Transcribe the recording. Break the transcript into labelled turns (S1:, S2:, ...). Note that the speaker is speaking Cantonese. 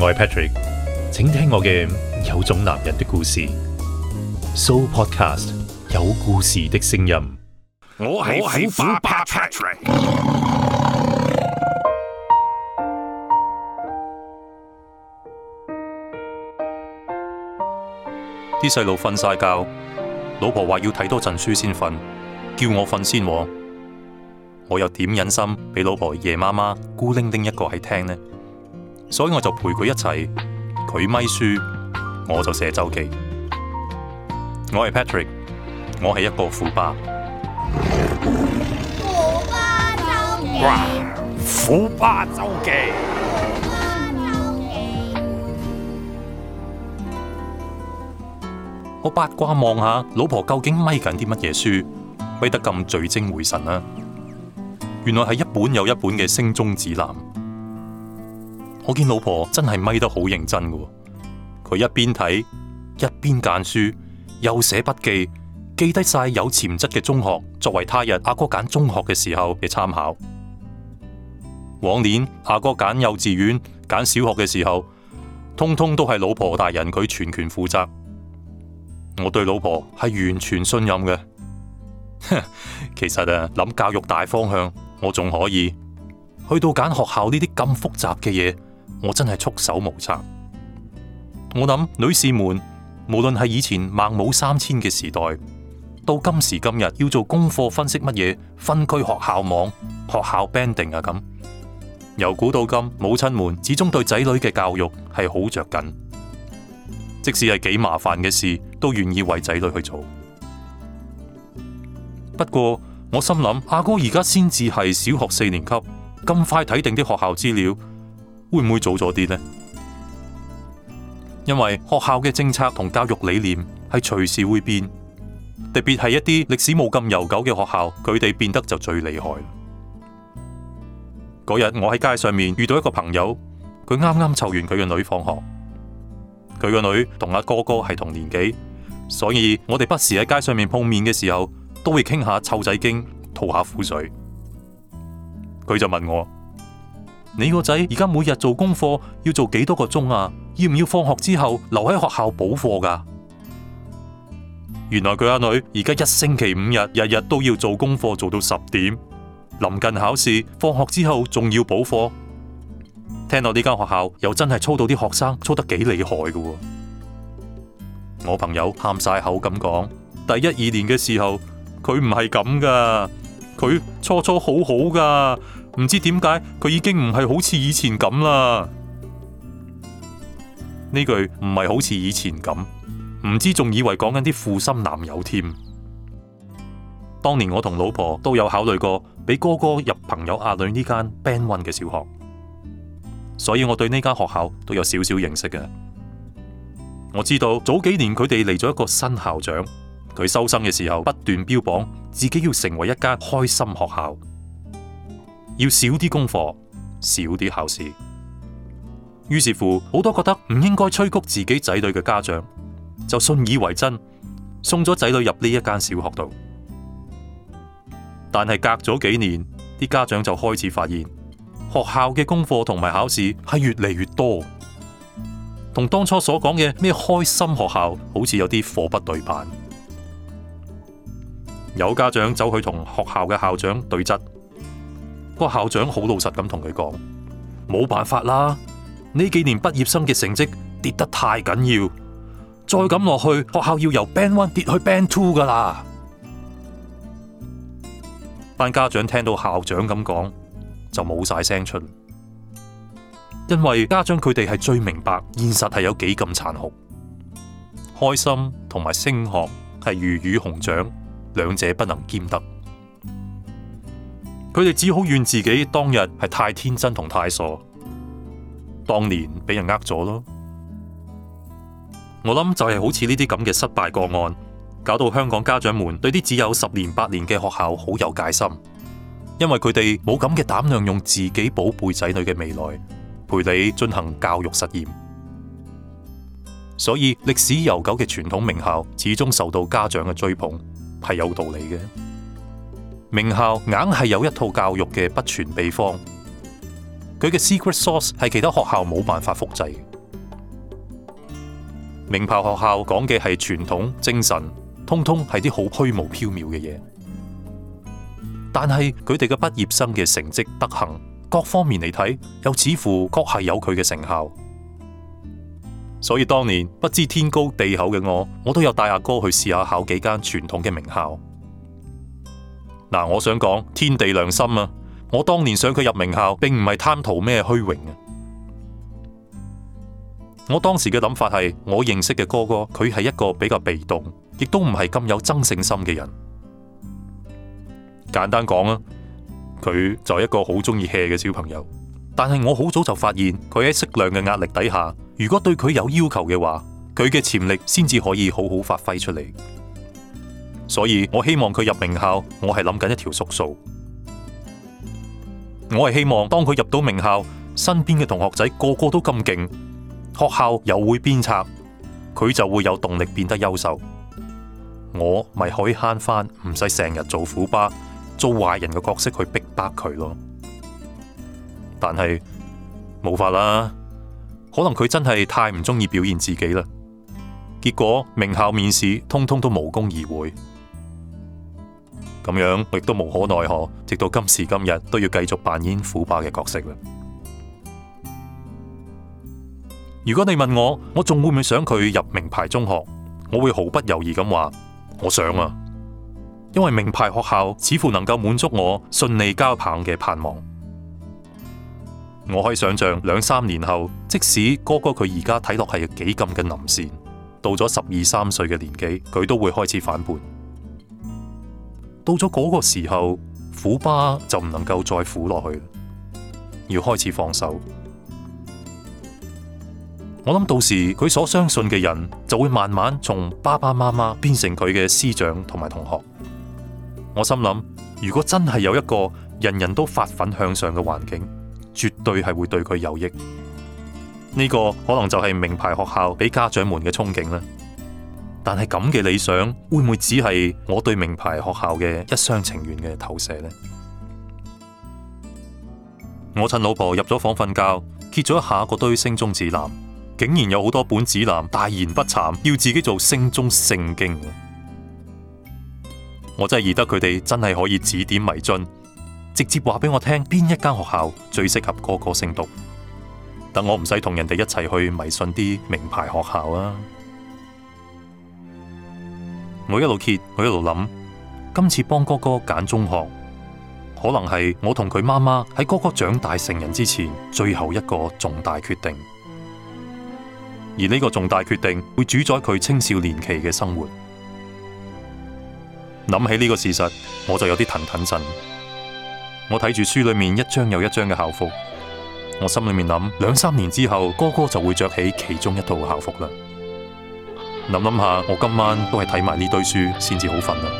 S1: 我係 Patrick，請聽我嘅有種男人的故事。Soul Podcast 有故事的聲音。我係我係 Patrick。啲細路瞓晒覺，老婆話要睇多陣書先瞓，叫我瞓先喎。我又點忍心俾老婆夜媽媽孤零零一個喺廳呢？所以我就陪佢一齊，佢咪書我就寫周記。我係 Patrick，我係一個虎爸。虎爸周記，虎爸周記。我八卦望下老婆究竟咪緊啲乜嘢書，咪得咁聚精會神啊！原來係一本又一本嘅星中指南。我見老婆真係咪得好認真嘅，佢一邊睇一邊揀書，又寫筆記，記低晒有潛質嘅中學，作為他日阿哥揀中學嘅時候嘅參考。往年阿哥揀幼稚園、揀小學嘅時候，通通都係老婆大人佢全權負責。我對老婆係完全信任嘅。哼，其實啊，諗教育大方向，我仲可以去到揀學校呢啲咁複雜嘅嘢。我真係束手無策。我諗女士們，無論係以前孟母三遷嘅時代，到今時今日要做功課分析乜嘢分區學校網、學校 banding 啊咁。由古到今，母親們始終對仔女嘅教育係好着緊，即使係幾麻煩嘅事，都願意為仔女去做。不過我心諗阿哥而家先至係小學四年級，咁快睇定啲學校資料。會唔會早咗啲呢？因為學校嘅政策同教育理念係隨時會變，特別係一啲歷史冇咁悠久嘅學校，佢哋變得就最厲害。嗰日我喺街上面遇到一個朋友，佢啱啱湊完佢嘅女放學，佢個女同阿哥哥係同年紀，所以我哋不時喺街上面碰面嘅時候，都會傾下湊仔經，吐下苦水。佢就問我。你個仔而家每日做功課要做幾多個鐘啊？要唔要放學之後留喺學校補課噶？原來佢阿女而家一星期五日日日都要做功課做到十點，臨近考試，放學之後仲要補課。聽到呢間學校又真係操到啲學生操得幾厲害噶。我朋友喊晒口咁講，第一、二年嘅時候佢唔係咁噶佢初初好好噶。唔知點解佢已經唔係好似以前咁啦。呢句唔係好似以前咁，唔知仲以為講緊啲負心男友添。當年我同老婆都有考慮過俾哥哥入朋友阿女呢間 Band One 嘅小學，所以我對呢間學校都有少少認識嘅。我知道早幾年佢哋嚟咗一個新校長，佢收生嘅時候不斷標榜自己要成為一間開心學校。要少啲功課，少啲考試，於是乎好多覺得唔應該催谷自己仔女嘅家長，就信以為真，送咗仔女入呢一間小學度。但係隔咗幾年，啲家長就開始發現，學校嘅功課同埋考試係越嚟越多，同當初所講嘅咩開心學校好似有啲貨不對辦。有家長走去同學校嘅校長對質。個校長好老實咁同佢講，冇辦法啦！呢幾年畢業生嘅成績跌得太緊要，再咁落去，學校要由 Band One 跌去 Band Two 噶啦。班家長聽到校長咁講，就冇晒聲出，因為家長佢哋係最明白現實係有幾咁殘酷，開心同埋升學係魚與熊掌，兩者不能兼得。佢哋只好怨自己當日係太天真同太傻，當年俾人呃咗咯。我諗就係好似呢啲咁嘅失敗個案，搞到香港家長們對啲只有十年八年嘅學校好有戒心，因為佢哋冇咁嘅膽量用自己寶貝仔女嘅未來陪你進行教育實驗。所以歷史悠久嘅傳統名校始終受到家長嘅追捧，係有道理嘅。名校硬係有一套教育嘅不傳秘方，佢嘅 secret sauce 係其他學校冇辦法複製嘅。名牌學校講嘅係傳統精神，通通係啲好虛無縹緲嘅嘢。但係佢哋嘅畢業生嘅成績德行，各方面嚟睇又似乎確係有佢嘅成效。所以當年不知天高地厚嘅我，我都有帶阿哥去試下考幾間傳統嘅名校。嗱，我想講天地良心啊！我當年想佢入名校，並唔係貪圖咩虛榮啊！我當時嘅諗法係，我認識嘅哥哥，佢係一個比較被動，亦都唔係咁有爭勝心嘅人。簡單講啊，佢就係一個好中意 hea 嘅小朋友。但係我好早就發現，佢喺適量嘅壓力底下，如果對佢有要求嘅話，佢嘅潛力先至可以好好發揮出嚟。所以我希望佢入名校，我係諗緊一條縮數。我係希望當佢入到名校，身邊嘅同學仔個個都咁勁，學校又會鞭策佢，佢就會有動力變得優秀。我咪可以慳翻，唔使成日做苦巴，做壞人嘅角色去逼迫佢咯。但係冇法啦，可能佢真係太唔中意表現自己啦。結果名校面試，通通都無功而回。咁樣亦都無可奈何，直到今時今日都要繼續扮演虎爸嘅角色啦。如果你問我，我仲會唔會想佢入名牌中學？我會毫不猶豫咁話，我想啊，因為名牌學校似乎能夠滿足我順利交棒嘅盼望。我可以想象兩三年後，即使哥哥佢而家睇落係幾咁嘅腍善，到咗十二三歲嘅年紀，佢都會開始反叛。到咗嗰個時候，虎爸就唔能夠再苦落去了，要開始放手。我諗到時佢所相信嘅人，就會慢慢從爸爸媽媽變成佢嘅師長同埋同學。我心諗，如果真係有一個人人都發奮向上嘅環境，絕對係會對佢有益。呢個可能就係名牌學校俾家長們嘅憧憬啦。但係咁嘅理想會唔會只係我對名牌學校嘅一廂情願嘅投射呢？我趁老婆入咗房瞓覺，揭咗一下個堆升中指南，竟然有好多本指南大言不慚要自己做升中聖經的。我真係疑得佢哋真係可以指點迷津，直接話俾我聽邊一間學校最適合個個升讀，等我唔使同人哋一齊去迷信啲名牌學校啊！我一路揭，我一路諗，今次幫哥哥揀中學，可能係我同佢媽媽喺哥哥長大成人之前最後一個重大決定。而呢個重大決定會主宰佢青少年期嘅生活。諗起呢個事實，我就有啲騰騰神。我睇住書裏面一張又一張嘅校服，我心裏面諗，兩三年之後，哥哥就會着起其中一套校服啦。諗諗下，我今晚都係睇埋呢堆書先至好瞓啊！